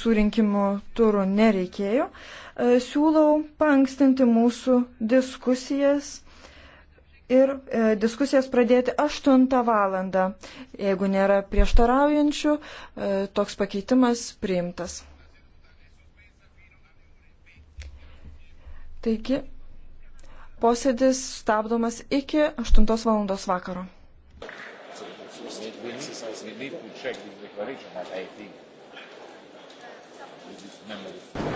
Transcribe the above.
su rinkimu turų nereikėjo. Siūlau pankstinti mūsų diskusijas ir e, diskusijas pradėti 8 valandą. Jeigu nėra prieštaraujančių, e, toks pakeitimas priimtas. Taigi, posėdis stabdomas iki 8 valandos vakaro. We need, we need to check this declaration, but I think nem